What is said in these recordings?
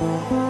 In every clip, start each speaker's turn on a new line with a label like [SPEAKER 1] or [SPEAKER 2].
[SPEAKER 1] Música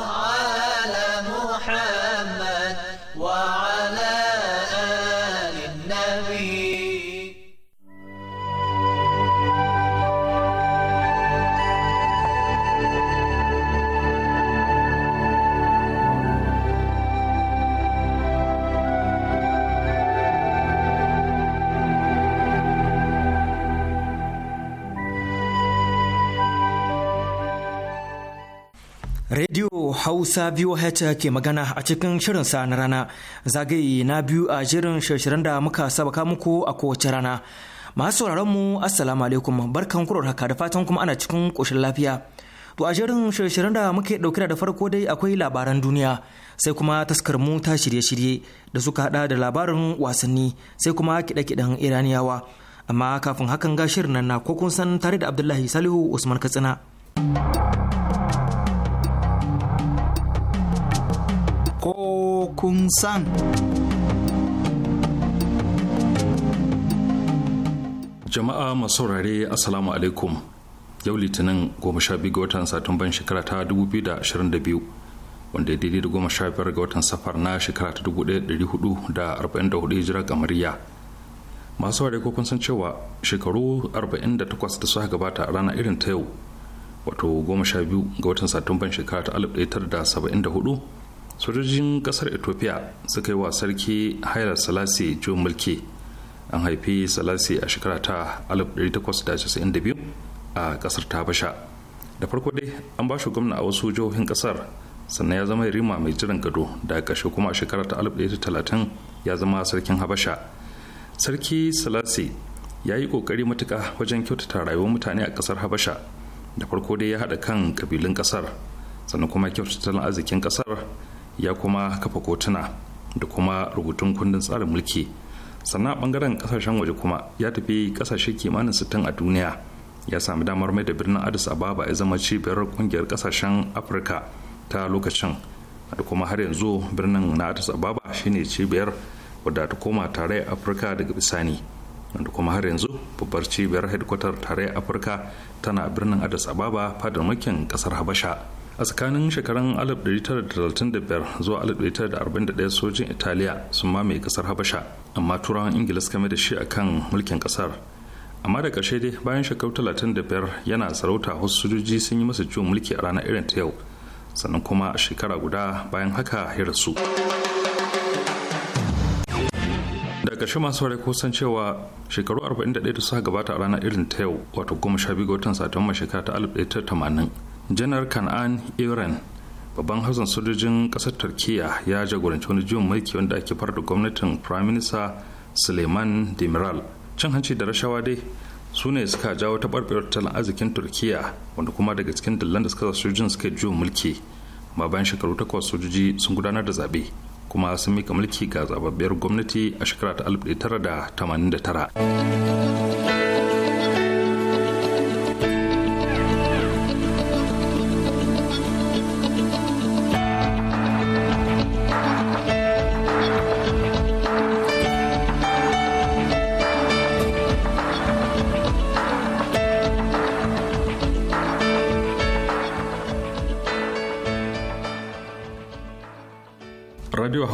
[SPEAKER 2] Hausa biyu VOH ke magana a cikin shirinsa na rana zagaye na biyu a jirin shirin da muka sabaka muku a kowace rana. Masu sauraron mu Assalamu alaikum barkan kuro haka da fatan kuma ana cikin ƙoshin lafiya. To a shirin shirin da muke ɗauke da farko dai akwai labaran duniya sai kuma taskar mu ta shirye-shirye da suka hada da labarin wasanni sai kuma kiɗe-kiɗen Iraniyawa. Amma kafin hakan ga shirin nan na ko kun san tare da Abdullahi Salihu Usman Katsina.
[SPEAKER 3] ko kun san.
[SPEAKER 4] Jama'a masaurare saurare Assalamu alaikum yau litinin goma sha biyu ga watan satumban shekara ta 2022 wanda daidai da goma sha biyar ga watan safar na shekara ta 1444 hijira kamariya masu ware kun san cewa shekaru 48 da suka gabata a rana irin ta yau wato goma sha biyu ga watan satumban shekara ta 1974 sojojin kasar ethiopia suka yi wa sarki haila salasi jo mulki an haifi salasi a shekara ta 1892 a kasar tabasha da farko dai an ba shi gwamna a wasu jihohin kasar sannan ya zama rima mai jiran gado da kashe kuma a shekara ta 1930 ya zama sarkin habasha sarki salasi ya yi ƙoƙari matuka wajen kyautata rayuwar mutane a ƙasar habasha da farko dai ya haɗa kan ƙabilun ƙasar sannan kuma kyautata tattalin arzikin ƙasar ya kuma kafa kotuna da kuma rubutun kundin tsarin mulki sannan bangaren kasashen waje kuma ya tafi kasashe kimanin sittin a duniya ya sami damar mai da birnin addis ababa ya zama cibiyar kungiyar kasashen afirka ta lokacin da kuma har yanzu birnin na addis ababa shine cibiyar wadda ta koma tare afirka daga bisani da kuma har yanzu babbar cibiyar hedkwatar tare afirka tana birnin addis ababa fadar makin kasar habasha a tsakanin shekarun 1935 zuwa 1941 sojin italiya sun mamaye kasar habasha amma turawan ingila suka da shi akan mulkin kasar amma da ƙarshe dai bayan shekaru 35 yana sarauta wasu sojoji sun yi masa ciwon mulki a ranar irin ta yau sannan kuma a shekara guda bayan haka ya rasu da ƙarshe masu ware kusan cewa shekaru 41 da suka gabata a ranar irin ta yau wato 12 ga watan satumba shekara ta 1980 janar kan'an iran babban hausan sojojin kasar turkiya ya jagoranci wani juyin mulki wanda ake fara da gwamnatin prime minister suleiman demiral cin hanci da rashawa dai su ne suka jawo ta taɓarɓarar tattalin arzikin turkiya wanda kuma daga cikin dillan da suka sojojin suka juyin mulki amma bayan shekaru takwas sojoji sun gudanar da zaɓe kuma sun mika mulki ga zababbiyar gwamnati a shekara ta 1989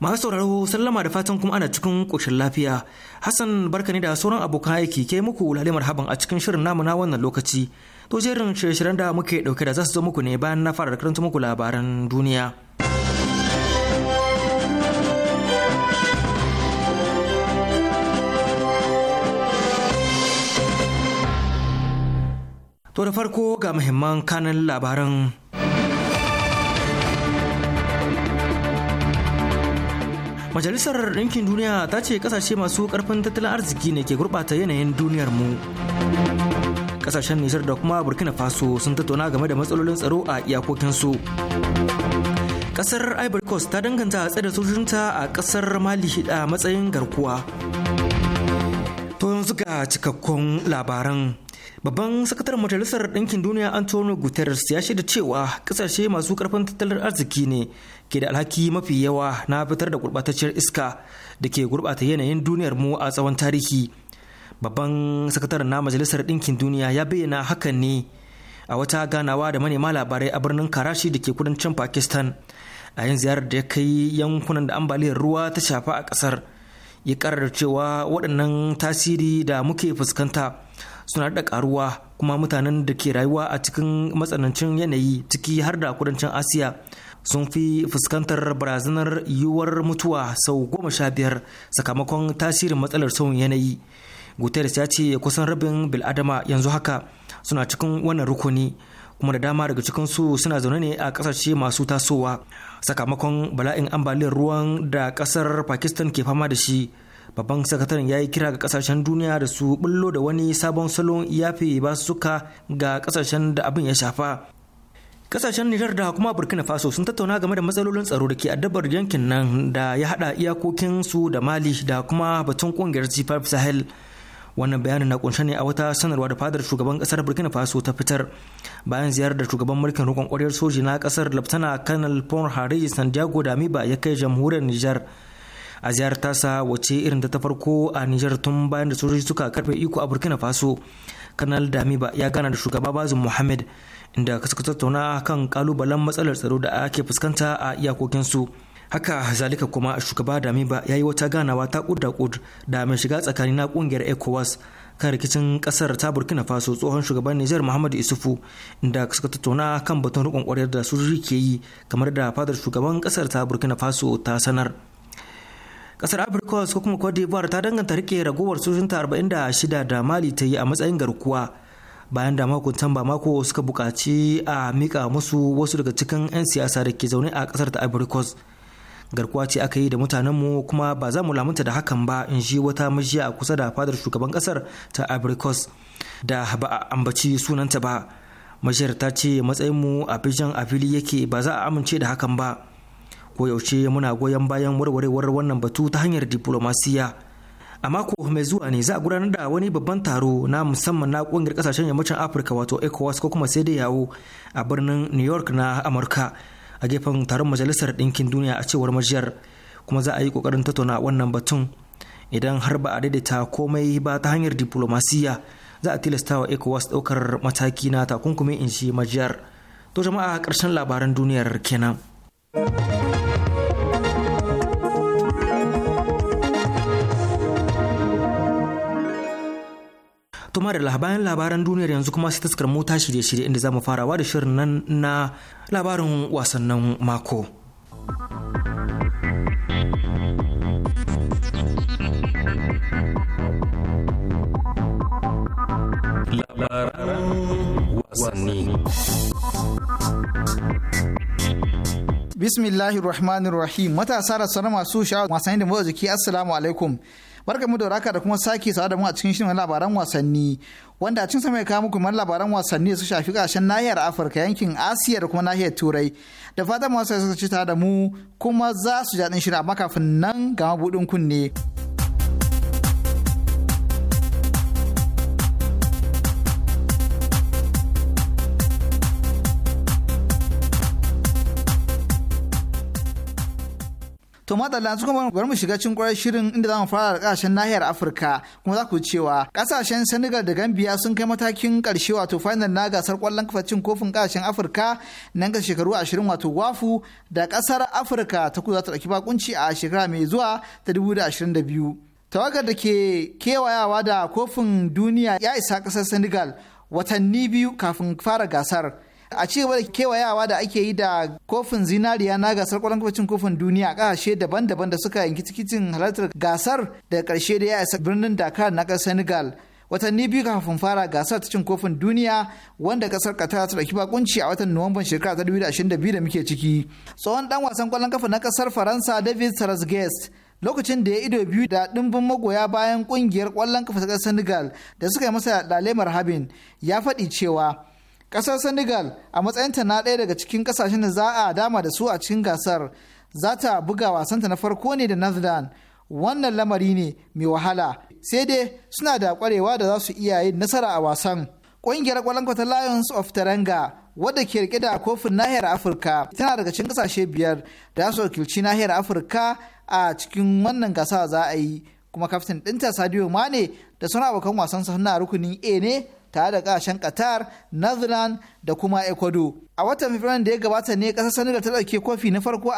[SPEAKER 4] masu
[SPEAKER 2] sauraro sallama da fatan kuma
[SPEAKER 4] ana cikin ƙoshin
[SPEAKER 2] lafiya hassan barka ne da sauran abokan aiki ke muku lalimar haban a cikin shirin namu na wannan lokaci to jerin shirye-shiryen da muke ɗauke da za su zo muku ne bayan na fara karanta muku labaran duniya to da farko ga muhimman kanan labaran majalisar ɗinkin duniya ta ce ƙasashe masu ƙarfin tattalin arziki ne ke gurɓata yanayin duniyar mu ƙasashen nijar da kuma burkina faso sun tattauna game da matsalolin tsaro a iyakokinsu Ƙasar ivory coast ta danganta a tsada sojojinta a ƙasar mali a matsayin garkuwa yanzu suka cikakkun labaran babban sakataren majalisar ɗinkin duniya antonio guterres ya shaida cewa kasashe masu ƙarfin tattalin arziki ne ke da alhaki mafi yawa na fitar da gurɓatacciyar iska da ke gurɓata yanayin duniyar mu a tsawon tarihi babban sakataren na majalisar ɗinkin duniya ya bayyana hakan ne a wata ganawa da manema labarai a birnin karashi da ke kudancin pakistan a yin ziyarar da ya kai yankunan da ambaliyar ruwa ta shafa a ƙasar ya karar cewa waɗannan tasiri da muke fuskanta suna da karuwa kuma mutanen da ke rayuwa a cikin matsanancin yanayi ciki har da kudancin asiya sun fi fuskantar barazanar yiwuwar mutuwa sau goma sha biyar sakamakon tasirin matsalar sauyin yanayi guterres ya ce kusan rabin bil'adama yanzu haka suna cikin wannan rukuni kuma da dama daga cikinsu suna zaune ne a ƙasashe masu tasowa sakamakon bala'in ambaliyar ruwan da kasar pakistan ke fama da shi babban sakataren ya yi kira ga kasashen duniya da su bullo da wani sabon salon yafe ba suka ga kasashen da abin ya shafa kasashen nijar da kuma burkina faso sun tattauna game da matsalolin tsaro da ke addabar yankin nan da ya hada iyakokinsu da mali da kuma batun kungiyar g5 sahel wannan bayanin na kunshe ne a wata sanarwa da fadar shugaban kasar burkina faso ta fitar bayan ziyarar da shugaban mulkin roƙon ƙwaryar soji na kasar laftana kanal pon hari santiago damiba ya kai jamhuriyar nijar a ziyarar tasa wace irin ta farko a nijar tun bayan da sojoji suka karfe iko a burkina faso kanal damiba ya gana da shugaba bazin muhammad inda suka tattauna kan kalubalen matsalar tsaro da ake fuskanta a iyakokinsu su haka zalika kuma shugaba damiba ya yi wata ganawa ta kud da kud da mai shiga tsakani na kungiyar ecowas kan rikicin kasar ta burkina faso tsohon shugaban nijar muhammadu isufu inda suka tattauna kan batun rikon kwarar da su ke yi kamar da fadar shugaban kasar ta burkina faso ta sanar kasar afirka ko kuma cote d'ivoire ta danganta rike ragowar sojinta 46 da mali ta yi a matsayin garkuwa bayan da makuntan ba mako suka bukaci a mika musu wasu daga cikin 'yan siyasa da ke zaune a kasar ta ivory garkuwa ce aka yi da mutanenmu kuma ba za mu lamunta da hakan ba in ji wata majiya a kusa da fadar shugaban kasar ta abricos da ba a ambaci sunanta ba majiyar ta ce matsayinmu a bijan a fili yake ba za a amince da hakan ba ko yaushe muna goyon bayan warwarewar wannan batu ta hanyar diplomasiya a mako mai zuwa ne za a gudanar da wani babban taro na musamman na kungiyar kasashen yammacin afirka wato ecowas ko kuma sai da yawo a birnin new york na amurka a gefen taron majalisar ɗinkin duniya a cewar majiyar kuma za a yi ƙoƙarin tattauna wannan batun idan har ba a daidaita komai ba ta hanyar diplomasiya za a tilasta wa ecowas ɗaukar mataki na takunkumin in shi majiyar to jama'a ƙarshen labaran duniyar kenan. To da bayan labaran duniyar yanzu kuma sai taskar mota shirye-shirye inda zamu farawa da shirin nan na labarin wasannin mako.
[SPEAKER 1] Labaran wasanni.
[SPEAKER 3] Bismillahirrahmanirrahim matasa da sauran masu sha'awar wasanni da motsa jiki assalamu alaikum barka mu da raka da kuma sake sa da mu a cikin shirin labaran wasanni wanda a cikin sama ya kawo muku man labaran wasanni su shafi kashen nahiyar Afirka yankin Asiya da kuma nahiyar Turai da fatan masu suka ci da mu kuma za su jaɗin shirin amma kafin nan ga mabuɗin kunne. To madalla su kuma bari mu shiga cikin kwarar shirin inda zamu fara da kasashen nahiyar Afirka kuma za ku cewa kasashen Senegal da Gambia sun kai matakin karshe wato final na gasar kwallon kafa cin kofin kasashen Afirka nan ga shekaru 20 wato wafu da kasar Afirka ta kudu za ta dauki bakunci a shekara mai zuwa ta 2022. Tawagar da ke kewayawa da kofin duniya ya isa kasar Senegal watanni biyu kafin fara gasar. a ci gaba da kewayawa da ake yi da kofin zinariya na gasar kwallon kafacin kofin duniya a kasashe daban-daban da suka yanki tikitin halartar gasar da karshe da ya isa birnin dakar na ƙasar senegal watanni biyu kafin fara gasar ta cin kofin duniya wanda kasar qatar ta dauki bakunci a watan nuwamban shekara ta 2022 da muke ciki tsohon dan wasan kwallon kafa na kasar faransa david sarasguest lokacin da ya ido biyu da ɗimbin magoya bayan ƙungiyar kwallon kafa ta senegal da suka yi masa lalemar habin ya faɗi cewa ƙasar senegal a matsayinta na ɗaya daga cikin ƙasashen da za a dama da su a cikin gasar za ta buga wasanta na farko ne da netherlands wannan lamari ne mai wahala sai dai suna da kwarewa da za su iya yin nasara a wasan ƙungiyar kwata lions of taranga wadda ke rike da kofin nahiyar afirka tana daga cikin kasashe biyar da su wakilci nahiyar afirka a cikin wannan gasa za a yi kuma kaftin ɗinta sadio mane da sauran abokan wasansa suna rukunin a ne tare da kasashen qatar netherlands da kuma ecuador a watan fabrairu da ya gabata ne kasar senegal ta dauke kofi na farko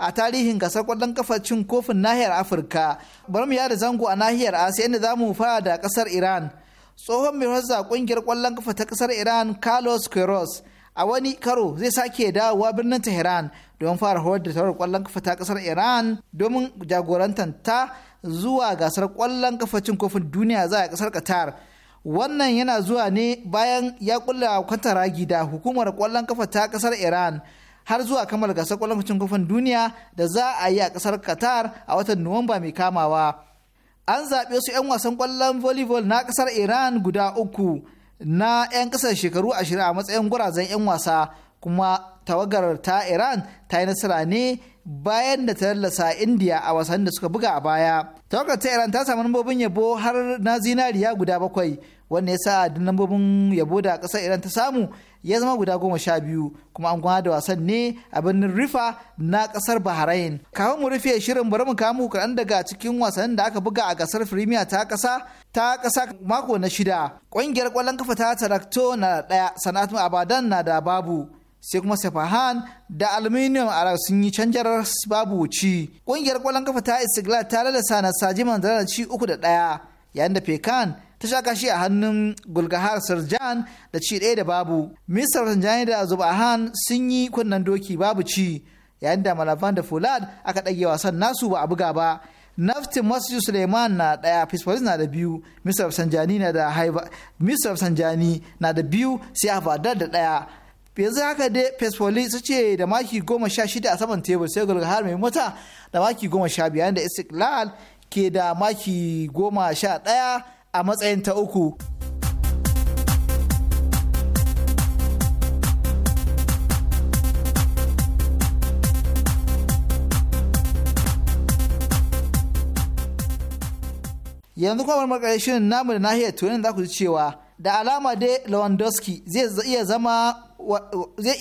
[SPEAKER 3] a tarihin gasar kwallon kafa cin kofin nahiyar afirka bari mu yada zango a nahiyar asiya inda zamu fara da kasar iran tsohon mai rasa kungiyar kwallon kafa ta kasar iran carlos queiroz a wani karo zai sake dawowa birnin tehran don fara horar da tarar kwallon kafa ta kasar iran domin jagorantar ta zuwa gasar kwallon kafa cin kofin duniya za a kasar qatar wannan yana zuwa ne bayan ya a kwantara gida hukumar kwallon kafa ta kasar iran har zuwa kamar gasar kwallon kucin kofin duniya da za a yi a kasar qatar a watan nuwamba mai kamawa an zaɓe su 'yan wasan kwallon volleyball na kasar iran guda uku na 'yan kasar shekaru ashirin a matsayin gurazen 'yan wasa kuma tawagar ta iran ta yi nasara ne bayan da ta lallasa indiya a wasan da suka buga a baya tawagar ta iran ta samu lambobin yabo har na zinariya guda bakwai wanda ya sa duk lambobin yabo da kasar iran ta samu ya zama guda goma sha biyu kuma an gwada da wasan ne a birnin rifa na kasar bahrain kafin mu rufe shirin bari mu kawo kaɗan daga cikin wasannin da aka buga a gasar firimiya ta kasa ta ƙasa mako na shida ƙungiyar ƙwallon kafa ta tarakto na ɗaya sana'atu abadan na da babu sai kuma Sefahan da Aluminium a sun yi canjar babu ci. Ƙungiyar ƙwallon kafa ta Isigla ta lalasa na Saji Mandala ci uku da ɗaya yayin da Pekan ta sha kashi a hannun Gulgahar Sarjan da ci ɗaya da babu. Mr. Sarjani da Zubahan sun yi kunnen doki babu ci yayin da Malavan da Fulad aka ɗage wasan nasu ba a buga ba. Naftin masu Suleiman na ɗaya, Fisfalis na da biyu, Mr. Sanjani na da Sanjani na da biyu, sai Havadar da ɗaya, yanzu haka dai fesfoli su ce da maki goma sha shida a saman tebur sai har mai mota da maki goma sha biyar da istiklal ke da maki goma sha ɗaya a matsayin ta uku yanzu kuma marmar shirin namu da nahiyar turin za ku ji cewa da alama dai Lewandowski zai iya zama zai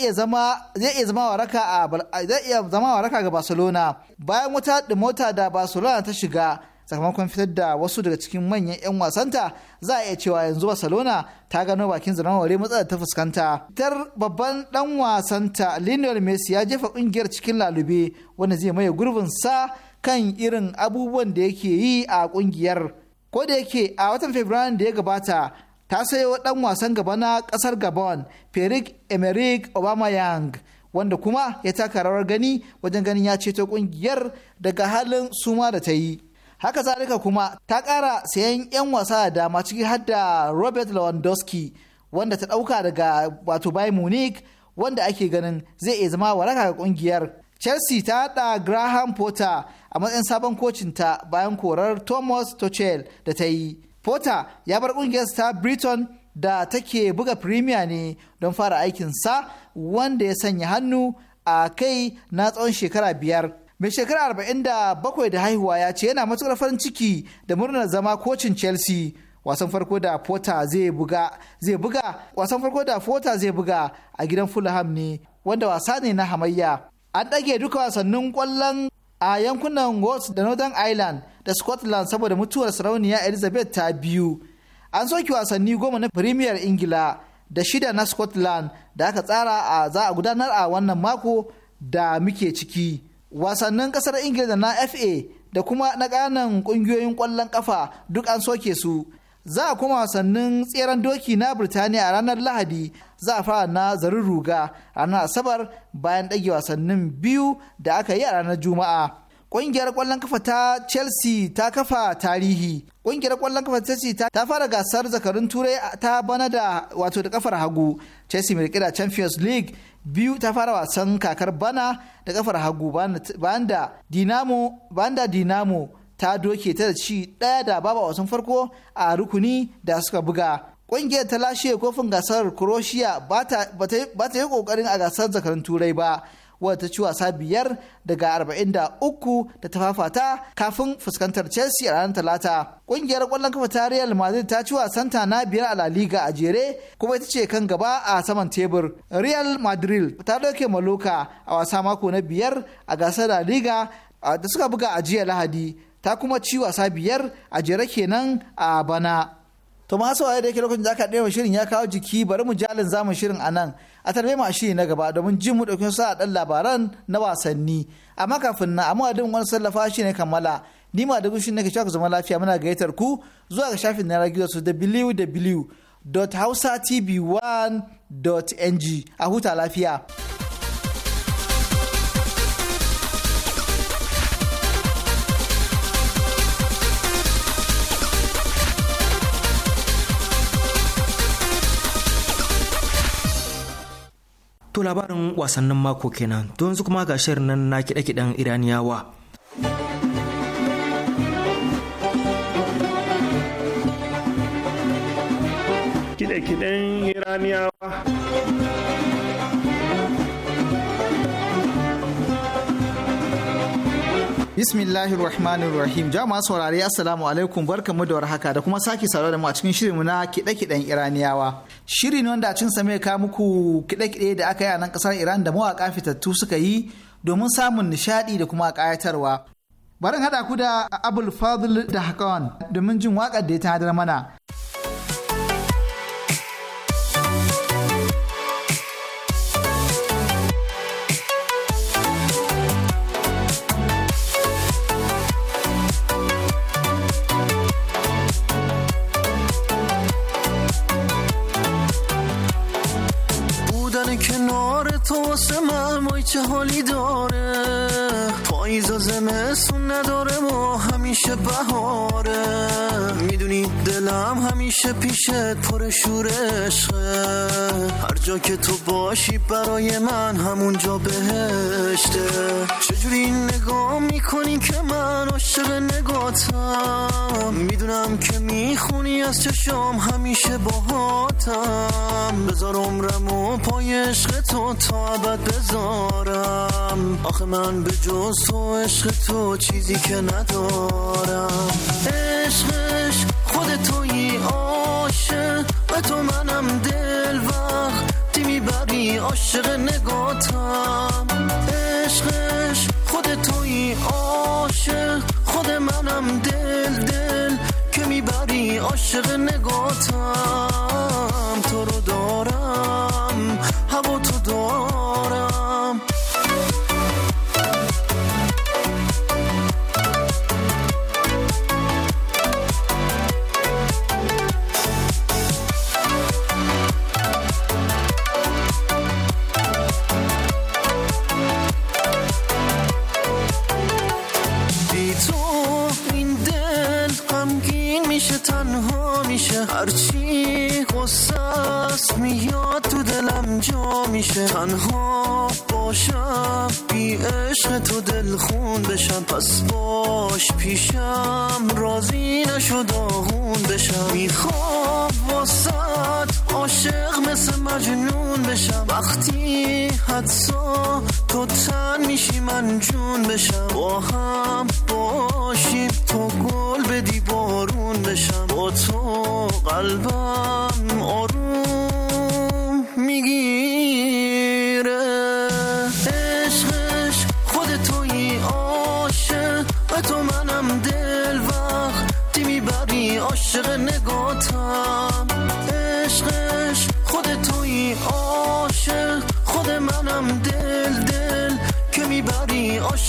[SPEAKER 3] iya zama waraka a zai iya zama waraka ga Barcelona bayan wata mota da Barcelona ta shiga sakamakon fitar da wasu daga cikin manyan 'yan wasanta za a iya cewa yanzu Barcelona ta gano bakin zaren ware matsalar ta fuskanta. Tar babban dan wasanta Lionel Messi ya jefa kungiyar cikin lalube wanda zai maye gurbin sa kan irin abubuwan da yake yi a kungiyar. Ko da yake a watan Fabrairu da ya gabata ta sayo ɗan wasan gaba na ƙasar gabon emeric emerick yang wanda kuma ya taka rawar gani wajen ganin ya ceto ƙungiyar daga halin suma da ta yi haka zalika kuma ta ƙara sayan 'yan wasa da dama ciki har da robert lewandowski wanda ta ɗauka daga wato bayern munich wanda ake ganin zai iya zama waraka ga ƙungiyar chelsea ta haɗa graham potter a matsayin sabon kocinta bayan korar thomas tuchel da ta yi Potter ya bar kungiyar ta Britain da take buga Premier ne don fara aikinsa wanda ya sanya hannu a kai na tsawon shekara biyar. Mai shekara arba'in da bakwai da haihuwa ya ce yana matuƙar farin ciki da murnar zama kocin Chelsea. Wasan farko da Potter zai buga zai buga wasan farko da Potter zai buga a gidan Fulham ne wanda wasa ne na hamayya. An ɗage duka wasannin kwallon a yankunan Wales da Northern Ireland da Scotland saboda mutuwar sarauniya Elizabeth ta biyu. An soke wasanni goma na Premier Ingila da shida na Scotland da aka tsara a za a gudanar a wannan mako da muke ciki. Wasannin kasar Ingila da na FA da kuma na ƙananan ƙungiyoyin ƙwallon ƙafa duk an soke su za a kuma wasannin tseren doki na Birtaniya a ranar Lahadi za a fara na zarin ruga a ranar Asabar bayan ɗage wasannin biyu da aka yi a ranar Juma'a. Ƙungiyar ƙwallon kafa ta Chelsea ta kafa tarihi. Ƙungiyar ƙwallon kafa ta Chelsea ta fara gasar zakarun turai ta bana da wato da kafar hagu. Chelsea mai da Champions League biyu ta fara wasan kakar bana da kafar hagu bayan da Dinamo ta doke ta da ci ɗaya da babu wasan farko a rukuni da suka buga ƙungiyar ta lashe kofin gasar croatia ba ta yi ƙoƙarin a gasar zakarun turai ba wadda ta ci wasa biyar daga arba'in da uku da ta fafata kafin fuskantar chelsea a ranar talata ƙungiyar ƙwallon kafa ta real madrid ta ci wasan ta na biyar a la liga a jere kuma ita ce kan gaba a saman tebur real madrid ta ɗauke maloka a wasa mako na biyar a gasar la liga da suka buga a jiya lahadi ta kuma ci wasa biyar a jere kenan a bana. To ma waye da yake lokacin da aka ɗaya shirin ya kawo jiki bari mu jalin zamu shirin a nan a tarbe mu a shiri na gaba domin jin mu ɗauki sa ɗan labaran na wasanni. Amma kafin na amma adin wani sallafa shi ne kammala ni ma da gushin nake cewa ku zama lafiya muna gayyatar ku zuwa ga shafin na radio su www.hausatv1.ng a huta lafiya.
[SPEAKER 2] To labarin wasannin mako kenan, to yanzu kuma ga shirin nan na kiɗe-kiɗen Iraniyawa.
[SPEAKER 5] Kiɗe-kiɗen Iraniyawa.
[SPEAKER 3] Bismillahir Rahmanir Rahim. Jama'a saurare Assalamu alaikum barkamu da warhaka da kuma sake saurare da mu a cikin shirinmu na kiɗe-kiɗen Iraniyawa. Shiri ne wanda a cikin sa ka muku kiɗe-kiɗe da aka yi a nan kasar Iran da mawaka fitattu suka yi domin samun nishadi da kuma kayatarwa. barin hada ku da Abul Fadl da Hakan domin jin waƙar da ya tanadar mana.
[SPEAKER 5] گلی داره پاییز و نداره ما همیشه بهاره دلم همیشه پیشت پر شور هر جا که تو باشی برای من همونجا بهشته چجوری این نگاه میکنی که من عاشق نگاتم میدونم که میخونی از چشم همیشه هاتم بذار عمرم و پای عشق تو تا عبد بذارم آخه من به جز تو عشق تو چیزی که ندارم عشق عشق خود توی عاشق و تو منم دل وقتی میبری عاشق نگاتم عشقش خود توی عاشق خود منم دل دل که میبری عاشق نگاتم پیشم رازی نشد آغون بشم میخوام واسط عاشق مثل مجنون بشم وقتی حدسا تو تن میشی من جون بشم با هم باشیم تو گل بدی بارون بشم با تو قلبم آروم میگی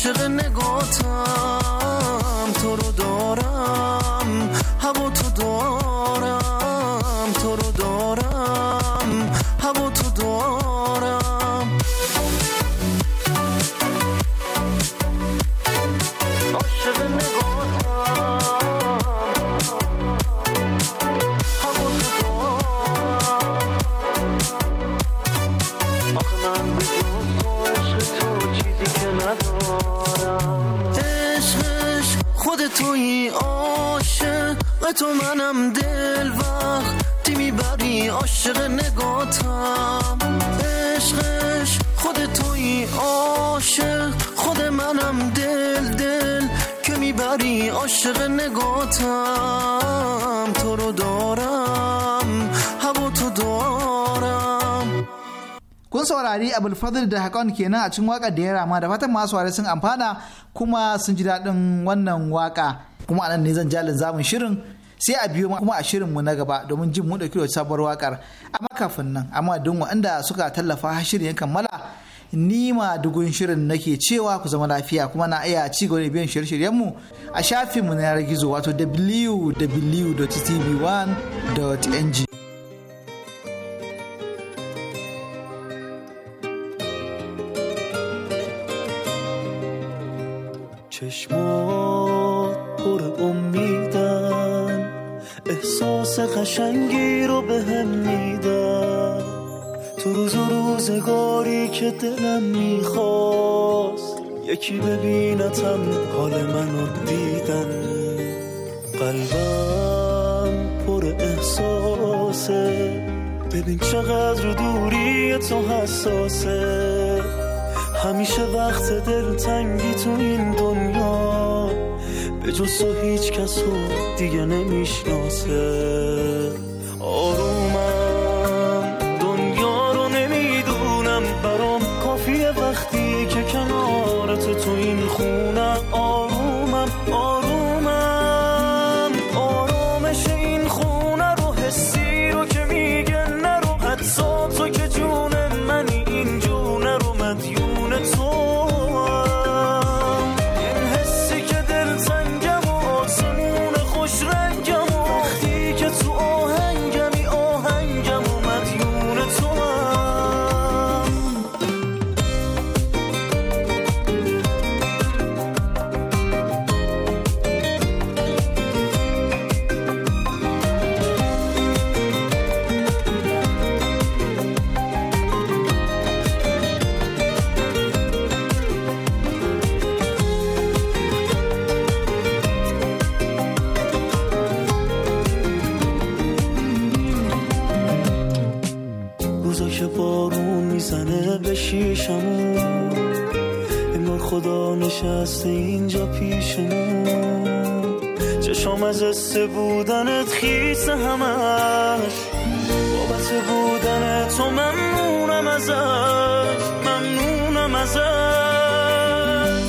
[SPEAKER 5] عاشق نگاه
[SPEAKER 3] fadil da hakan kenan a cikin waka da ya rama da fatan masu ware sun amfana kuma sun ji daɗin wannan waka kuma anan ne zan jalin zamun shirin sai a biyo kuma a mu na gaba domin jin mu dauki sabuwar wakar amma kafin nan amma don waɗanda suka tallafa shirin ya kammala ni ma dugun shirin nake cewa ku zama lafiya kuma na iya ci gaba da biyan shirye mu a shafinmu na yanar gizo wato www.tv1.ng
[SPEAKER 5] چشمات پر امیدن احساس قشنگی رو به هم میدن تو روز و روزگاری که دلم میخواست یکی ببینتم حال منو دیدن قلبم پر احساسه ببین چقدر دوری تو حساسه همیشه وقت دل تنگی تو این دنیا به جز هیچ کس رو دیگه نمیشناسه پیشمون انگار خدا نشسته اینجا پیشمون چشم از سه بودنت خیس همش بابت بودن تو ممنونم ازش ممنونم ازش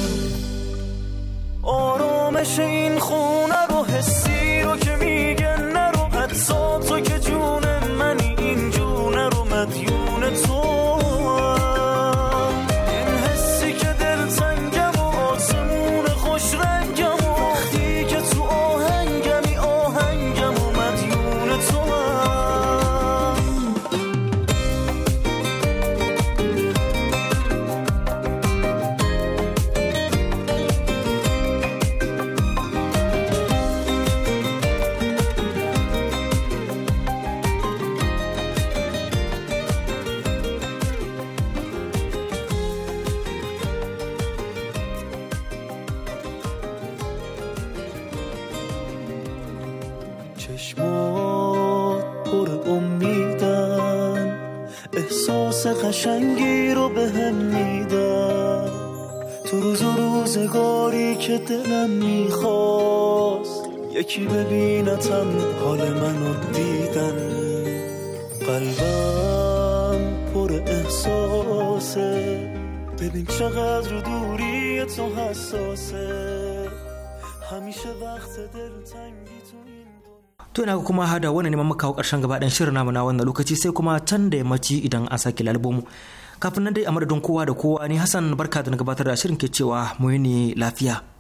[SPEAKER 5] آرامش این خون قشنگی رو به هم میدم تو روز و روزگاری که دلم میخواست یکی ببینتم حال منو دیدن قلبم پر احساسه ببین چقدر دوری تو حساسه همیشه وقت دلتنگی
[SPEAKER 2] to ina kuma hada wani neman muka kawo karshen gaba shirin namu na wannan lokaci sai kuma can da yammaci idan an sake lalbomu kafin nan dai a madadin kowa da kowa ne hassan barka da na gabatar da shirin ke cewa mu ne lafiya